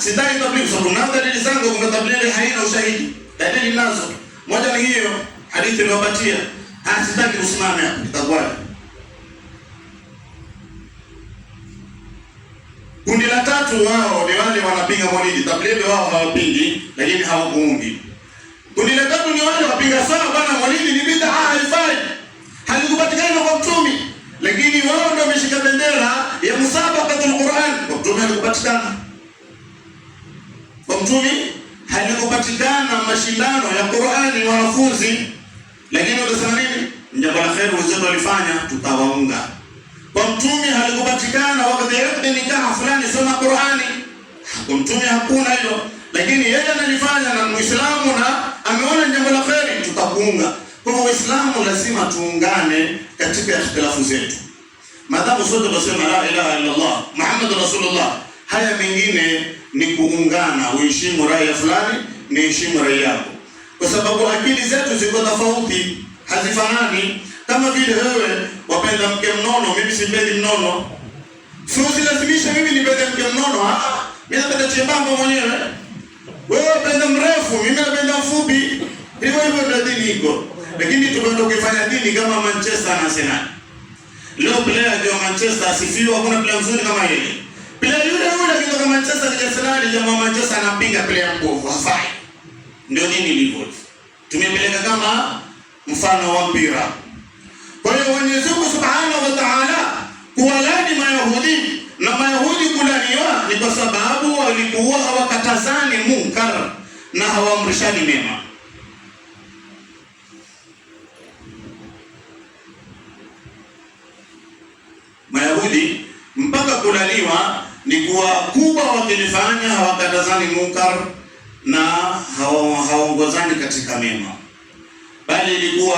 sitaki tablighi kwa sababu nazo dalili zangu, kuna tablighi haina ushahidi. Dalili nazo moja ni hiyo hadithi niliyopatia. Ah, sitaki usimame hapo, itakuwaje? Kundi la tatu wao ni wale wanapiga molidi. Tablighi wao hawapingi, lakini hawakuungi. Kundi la tatu ni wale wapinga sawa, bwana mwanidi ni bid'a, ah, haifai. Halikupatikana kwa Mtume, lakini wao ndio wameshika bendera ya musabaqatul Qur'an. Mtume alikupatikana mtumi halikupatikana mashindano ya Qur'ani wanafunzi, lakini wakasema nini? Jambo la kheri wenzetu walifanya, tutawaunga. Kwa mtumi halikupatikana wakati yote nikaha fulani soma Qur'ani, kwa mtumi hakuna hilo, lakini yeye analifanya na Muislamu na ameona jambo la kheri, tutakuunga. Kwa hivyo Waislamu lazima tuungane katika ikhtilafu zetu, madhamu sote tunasema la ilaha illa Allah Muhammadur Rasulullah Haya mengine ni kuungana, uheshimu raia fulani, ni heshimu raia yako, kwa sababu akili zetu ziko tofauti, hazifanani. Kama vile wewe wapenda mke mnono, mimi simpendi mnono, lazimisha mimi nipende mke mnono. Ah, mimi napenda chembamba mwenyewe, wewe wapenda mrefu, mimi napenda mfupi. Hivyo hivyo ndio dini iko, lakini tukwenda kufanya dini kama Manchester na Arsenal. Leo player wa Manchester asifiwa, hakuna player mzuri kama yeye. Player kutoka Manchester Arsenal, jamaa wa Manchester anampiga player nguvu. hafai. Ndio nini ilivyo. Tumepeleka kama mfano wa mpira. Kwa hiyo Mwenyezi Mungu Subhanahu wa Ta'ala kuwalani Mayahudi na Mayahudi kulaniwa ni kwa sababu walikuwa hawakatazani munkar na hawaamrishani mema. Mayahudi mpaka kulaniwa ni kuwa kubwa wakilifanya hawakatazani munkar na hawaongozani katika mema, bali ilikuwa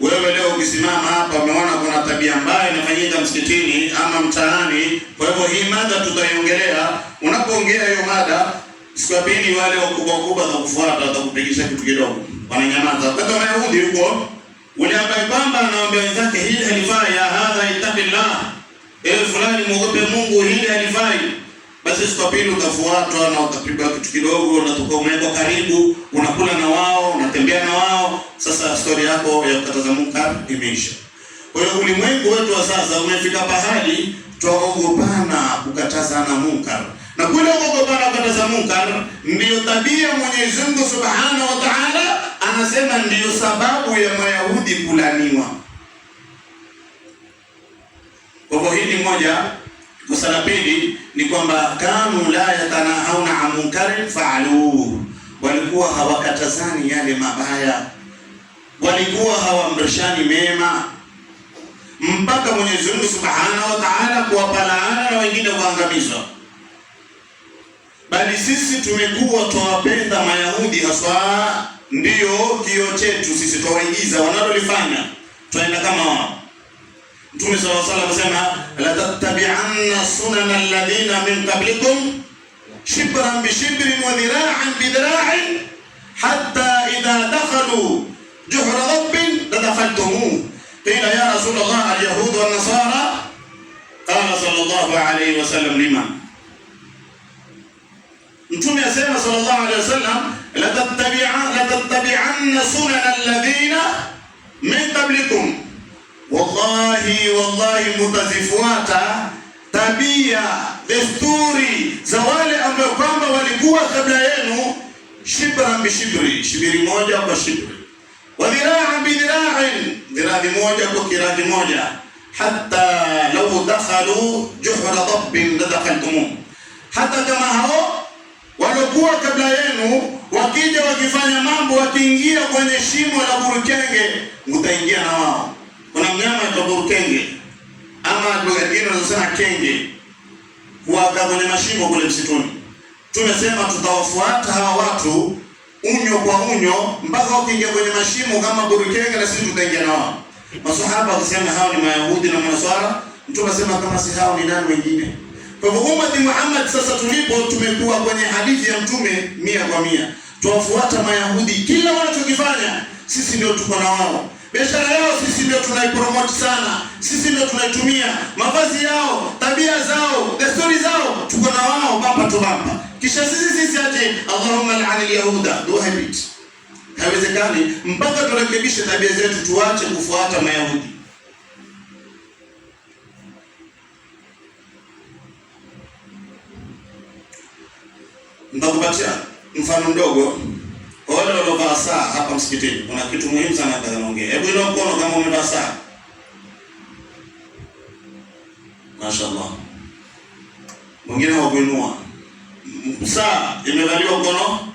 wewe leo ukisimama hapa umeona kuna tabia mbaya inafanyika msikitini ama mtaani. Kwa hivyo hii mada tutaiongelea. Unapoongea hiyo mada, siku wale wakubwa kubwa za watakufuata, watakupigisha kitu kidogo, wananyamaza. Wakati Wayahudi huko ule ambaye kwamba anaambia wenzake hii halifaa ewe fulani, muogope Mungu, hili alifai. Basi siku ya pili utafuatwa na utapiga kitu kidogo, tukao umewekwa karibu, unakula na wao, unatembea na wao. Sasa story yako ya kukataza munkar imeisha. Kwa hiyo ulimwengu wetu wa sasa umefika pahali twaogopana na munkar, na kule kuogopana kukataza munkar ndiyo tabia Mwenyezi Mungu Subhanahu wa Ta'ala anasema ndiyo sababu ya Mayahudi kulaniwa. Kwa hili moja, kosa la pili ni kwamba kanu la yatanahauna an munkarin faaluhu, walikuwa hawakatazani yale mabaya, walikuwa hawamrishani mema, mpaka Mwenyezi Mungu Subhanahu wa Ta'ala kuwapalaana na wengine kuangamizwa. Bali sisi tumekuwa twawapenda Mayahudi haswa, ndiyo kio chetu sisi, twawaigiza wanalolifanya, twaenda kama wao Mtume sallallahu alaihi wasallam asema la tattabi'anna sunana alladhina min qablikum shibran bi shibrin wa dhira'an bi dhira'in hatta idha dakhalu juhra rabbin la ya قيل يا رسول الله اليهود nasara qala صلى الله عليه وسلم lima Mtume asema sallallahu alaihi wasallam la tattabi'anna sunana alladhina min qablikum Wallahi, wallahi mutazifuata tabia, desturi za wale ambao kwamba walikuwa kabla yenu, shibra bishibri, shibiri moja kwa shibri, wa dhiraa bidhira'in, dhirahi moja kwa kirahi moja, hatta lau dakhalu juhra dabbin ladakhaltum, hata kama hao walokuwa kabla yenu wakija wakifanya mambo, wakiingia kwenye shimo la burukenge, mutaingia na wao kuna mnyama anaitwa kenge ama lugha nyingine wanasema kenge, huaga kwenye mashimo kule msituni. Tumesema tutawafuata hawa watu unyo kwa unyo mpaka wakiingia kwenye mashimo kama burukenge, na sisi tutaingia na wao. Masahaba wakisema hao ni Mayahudi na Manaswara, mtu asema kama si hao ni nani wengine? Kwa hivyo ummati Muhammad sasa tulipo, tumekuwa kwenye hadithi ya Mtume mia kwa mia, tuwafuata Mayahudi kila wanachokifanya, sisi ndio tuko na wao Biashara yao sisi ndio tunaipromote sana, sisi ndio tunaitumia. Mavazi yao, tabia zao, desturi zao, tuko na wao baba tu baba, kisha sisi sisi ati Allahumma la'an al-yahuda duhabit. Haiwezekani mpaka turekebishe tabia zetu, tuache kufuata Mayahudi. Ndakupatia mfano mdogo. Kwa wale waliovaa saa hapa msikitini, kuna kitu muhimu sana nataka niongee. Hebu inua mkono kama umevaa saa. Mashaallah. Mwingine hakuinua. Saa imevaliwa mkono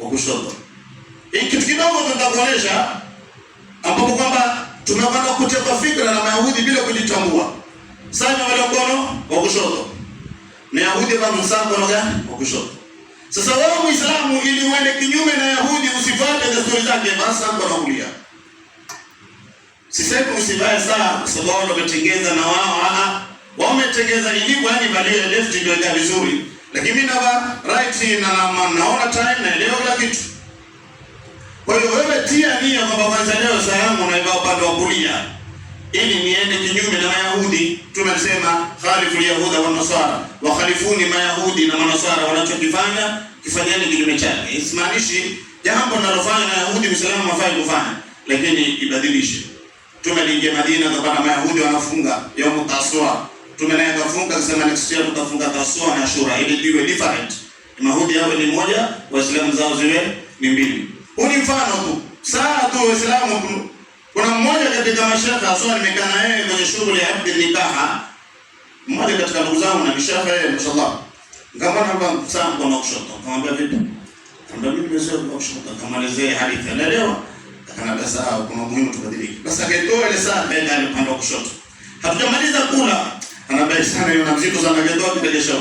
wa kushoto. Hii kitu kidogo tutakuonesha ambapo kwamba tumekwenda kutekwa fikra na Mayahudi bila kujitambua. Saa imevaliwa mkono wa kushoto. Mayahudi wa msaa mkono gani? Wa kushoto. Sasa wewe Muislamu, ili uende kinyume na Yahudi usifuate desturi zake, basi hapo naulia. Sisemi usivae saa kwa sababu wao wametengeza na wao ah, ah. wao wametengeza ilivyo, yani valia left ndio ndio vizuri, lakini mimi nava right na na naona time na leo kila kitu. Kwa hiyo wewe tia nia kwamba kwanza leo salamu na upande wa kulia ili niende kinyume na Wayahudi. Tumesema khalifu lyahuda wa nasara wa khalifuni, Mayahudi na Manasara wanachokifanya kifanyeni kinyume chake. Isimaanishi jambo linalofanya na Yahudi msalama mafai kufanya, lakini ibadilishe. Tumeliingia Madina tukapata Mayahudi wanafunga yaumu taswa, tumenaye kafunga kusema next year tutafunga taswa na Ashura ili liwe different, Mayahudi yawe ni moja, Waislamu zao ziwe ni mbili. Huu ni mfano tu, saa tu Waislamu kuna mmoja katika mashaka aswa, nimekaa na yeye kwenye shughuli ya abdi nikaha, mmoja katika ndugu zangu na mishaka yeye, mashallah, ngamana kwa sana kwa kushoto, kamwambia vipi, kumwambia mimi nimesema kwa kushoto, kamalizea hadithi anaelewa, pesa au kuna muhimu tubadilike. Basi akaitoa ile saa kaenda alipanda kushoto, hatujamaliza kula, anambia sana yuna mzito sana, kaitoa kidegesha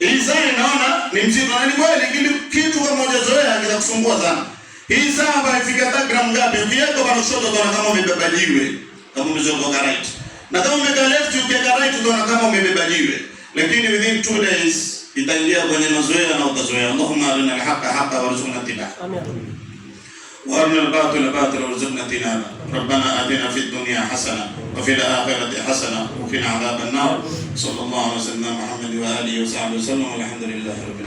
ili saa inaona ni mzito na ni kweli, kitu kama moja kinakusumbua sana isaba ifika gramgapi ukiweka kwa kushoto utaona kama umebeba jiwe kama umezongoka right na kama umeka left ukiweka right utaona kama umebeba jiwe lakini within two days itaingia kwenye mazoea na utazoea Allahumma arina alhaqa haqa warzuqna ittiba'a amin وارنا الباطل باطلا وارزقنا اجتنابه ربنا اتنا في الدنيا حسنه وفي الاخره حسنه وقنا عذاب النار صلى الله على سيدنا محمد واله وصحبه وسلم والحمد لله رب العالمين